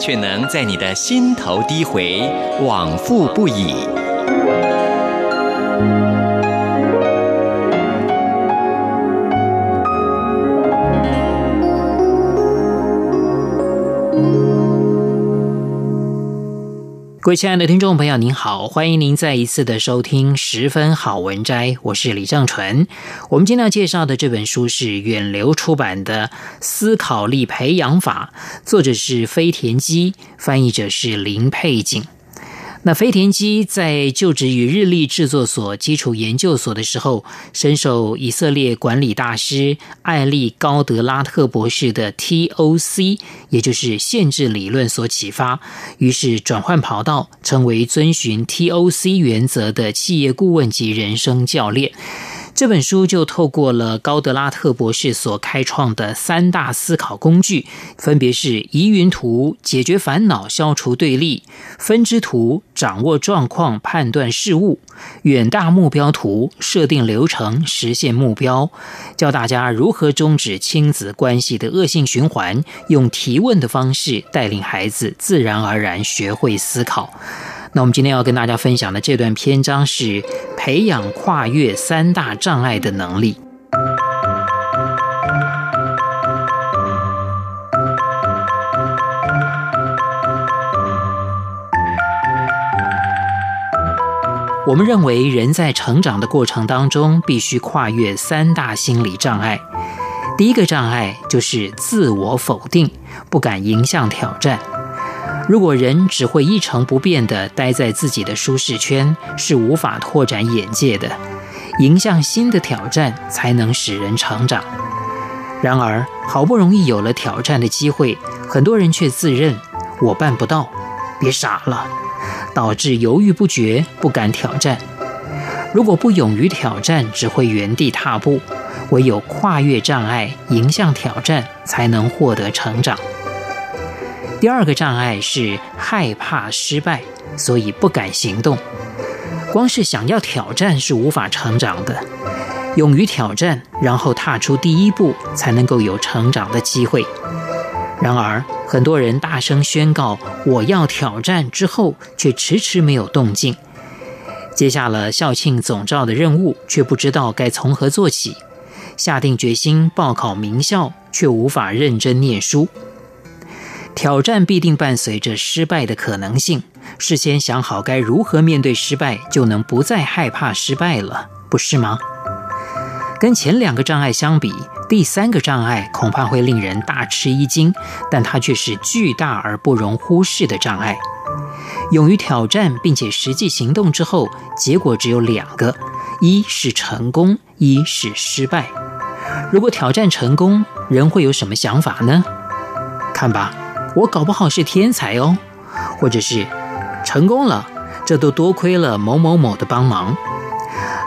卻能在你的心頭低回，往復不已。各位親愛的聽眾朋友，您好，歡迎您再一次的收聽《十分好文摘》，我是李正純。我們今天要介紹的這本書是遠流出版的《思考力培養法》，作者是飛田基，翻譯者是林珮瑾。那飛田基在就職於日立製作所基礎研究所的時候，深受以色列管理大師艾利高德拉特博士的 T O C，也就是限制理論所啟發，於是轉換跑道，成為遵循 T O C 原則的企業顧問及人生教練。這本書就透過了高德拉特博士所開創的三大思考工具，分別是疑雲圖解決煩惱、消除對立；分支圖掌握狀況、判斷事物；遠大目標圖設定流程、實現目標。教大家如何終止親子關係的惡性循環，用提問的方式帶領孩子自然而然學會思考。那我們今天要跟大家分享的這段篇章是。培養跨越三大障礙的能力。我們認為，人在成長的過程當中，必須跨越三大心理障礙。第一個障礙就是自我否定，不敢迎向挑戰。如果人只會一成不變地待在自己的舒適圈，是無法拓展眼界的，迎向新的挑戰才能使人成長。然而，好不容易有了挑戰的機會，很多人卻自認我辦不到，別傻了，導致猶豫不決，不敢挑戰。如果不勇於挑戰，只會原地踏步，唯有跨越障礙，迎向挑戰，才能獲得成長。第二個障礙是害怕失敗，所以不敢行動。光是想要挑戰是無法成長的，勇於挑戰，然後踏出第一步，才能夠有成長的機會。然而，很多人大聲宣告“我要挑戰”之後，卻遲遲沒有動靜。接下了校慶總召的任務，卻不知道該從何做起；下定決心報考名校，卻無法認真念書。挑戰必定伴隨着失敗的可能性。事先想好該如何面對失敗，就能不再害怕失敗了，不是嗎？跟前兩個障礙相比，第三個障礙恐怕會令人大吃一驚，但它卻是巨大而不容忽視的障礙。勇於挑戰並且實際行動之後，結果只有兩個：一是成功，一是失敗。如果挑戰成功，人會有什麼想法呢？看吧。我搞不好是天才哦，或者是成功了，這都多虧了某某某的幫忙。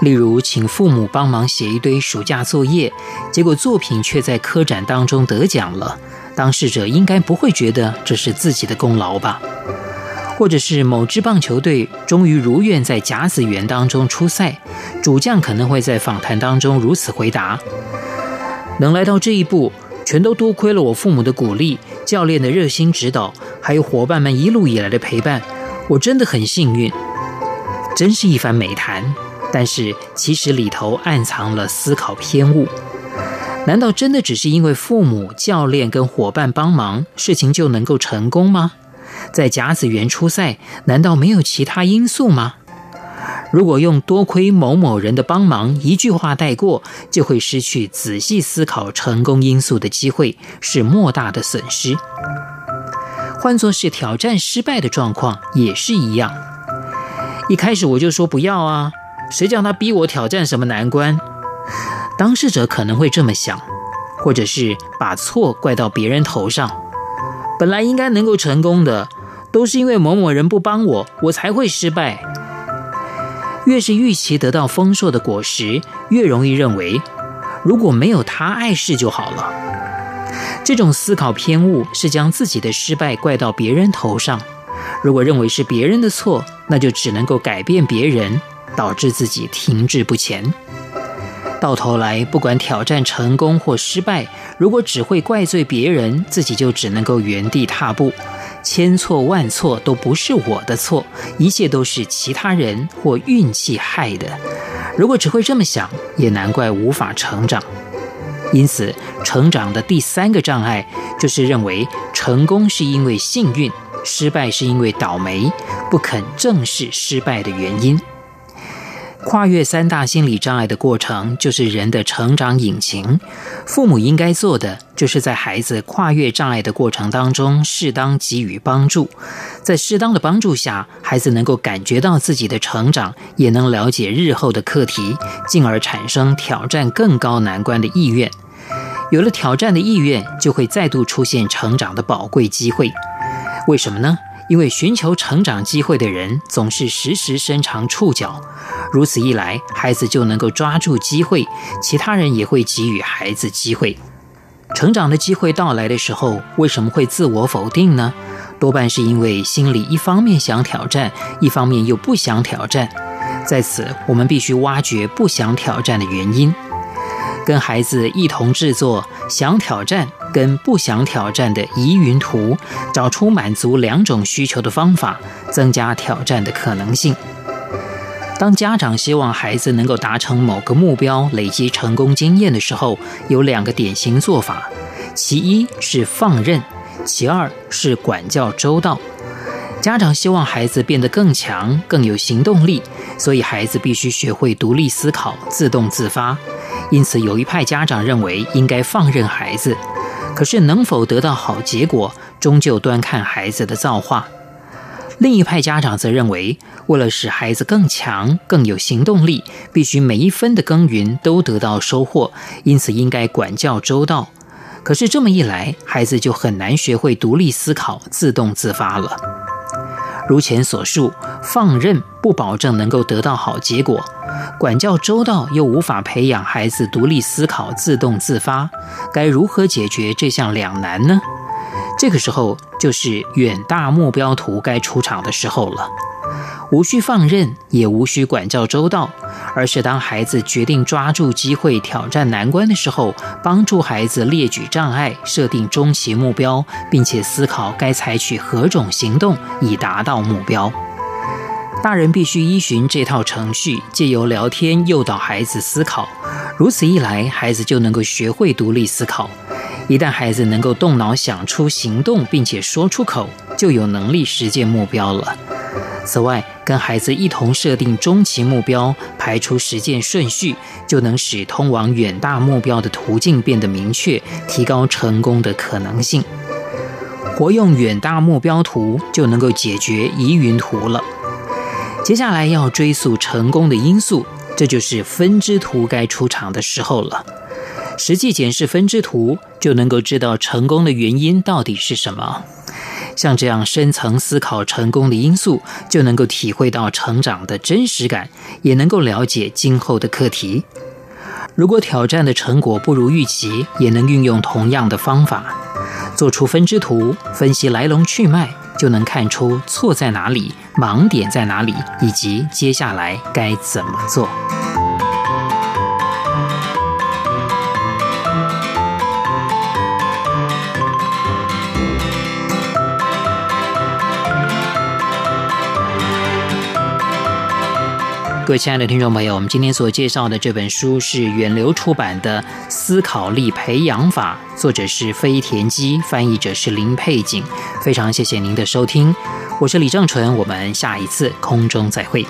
例如，請父母幫忙寫一堆暑假作業，結果作品卻在科展當中得獎了，當事者應該不會覺得這是自己的功勞吧？或者是某支棒球隊終於如願在甲子園當中出賽，主將可能會在訪談當中如此回答：能來到這一步。全都多虧了我父母的鼓勵、教練的熱心指導，還有夥伴們一路以來的陪伴，我真的很幸運，真是一番美談。但是其實裡頭暗藏了思考偏誤，難道真的只是因為父母、教練跟夥伴幫忙，事情就能夠成功嗎？在甲子園出賽，難道沒有其他因素嗎？如果用“多虧某某人的幫忙”一句話帶過，就會失去仔細思考成功因素的機會，是莫大的損失。換作是挑戰失敗的狀況，也是一樣。一開始我就說不要啊，誰叫他逼我挑戰什麼難關？當事者可能會這麼想，或者是把錯怪到別人頭上。本來應該能夠成功的，都是因為某某人不幫我，我才會失敗。越是預期得到豐碩的果實，越容易認為如果沒有他礙事就好了。這種思考偏誤是將自己的失敗怪到別人頭上。如果認為是別人的錯，那就只能夠改變別人，導致自己停滯不前。到頭來，不管挑戰成功或失敗，如果只會怪罪別人，自己就只能夠原地踏步。千錯萬錯都不是我的錯，一切都是其他人或運氣害的。如果只會這麼想，也難怪無法成長。因此，成長的第三個障礙就是認為成功是因為幸運，失敗是因為倒霉，不肯正視失敗的原因。跨越三大心理障礙的過程，就是人的成長引擎。父母應該做的，就是在孩子跨越障礙的過程當中，適當給予幫助。在適當的幫助下，孩子能夠感覺到自己的成長，也能了解日後的課題，進而產生挑戰更高難關的意願。有了挑戰的意願，就會再度出現成長的寶貴機會。為什麼呢？因為尋求成長機會的人總是時時伸長觸角，如此一來，孩子就能夠抓住機會，其他人也會給予孩子機會。成長的機會到來的時候，為什麼會自我否定呢？多半是因為心裡一方面想挑戰，一方面又不想挑戰。在此，我們必須挖掘不想挑戰的原因，跟孩子一同制作想挑戰。跟不想挑戰的疑雲圖，找出滿足兩種需求的方法，增加挑戰的可能性。當家長希望孩子能夠達成某個目標、累積成功經驗的時候，有兩個典型做法：其一是放任，其二是管教周到。家長希望孩子變得更強、更有行動力，所以孩子必須學會獨立思考、自動自發。因此，有一派家長認為應該放任孩子。可是能否得到好結果，終究端看孩子的造化。另一派家長則認為，為了使孩子更強、更有行動力，必須每一分的耕耘都得到收穫，因此應該管教周到。可是這麼一來，孩子就很難學會獨立思考、自動自發了。如前所述，放任不保證能夠得到好結果，管教周到又無法培養孩子獨立思考、自動自發，該如何解決這項兩難呢？這個時候就是遠大目標圖該出場的時候了。無需放任，也無需管教周到，而是當孩子決定抓住機會挑戰難關的時候，幫助孩子列舉障礙，設定中極目標，並且思考該採取何種行動以達到目標。大人必須依循這套程序，借由聊天誘導孩子思考。如此一來，孩子就能夠學會獨立思考。一旦孩子能夠動腦想出行動，並且說出口，就有能力實現目標了。此外，跟孩子一同設定中期目標，排出實踐順序，就能使通往遠大目標的途徑變得明確，提高成功的可能性。活用遠大目標圖，就能夠解決疑雲圖了。接下來要追溯成功的因素，這就是分支圖該出場的時候了。實際檢視分支圖，就能夠知道成功的原因到底是什麼。像這樣深層思考成功的因素，就能夠體會到成長的真實感，也能夠了解今後的課題。如果挑戰的成果不如預期，也能運用同樣的方法，做出分支圖，分析來龍去脈，就能看出錯在哪裡、盲點在哪裡，以及接下來該怎麼做。各位親愛的聽眾朋友，我們今天所介紹的這本書是遠流出版的《思考力培養法》，作者是飛田基，翻譯者是林珮瑾。非常謝謝您的收聽，我是李正淳，我們下一次空中再會。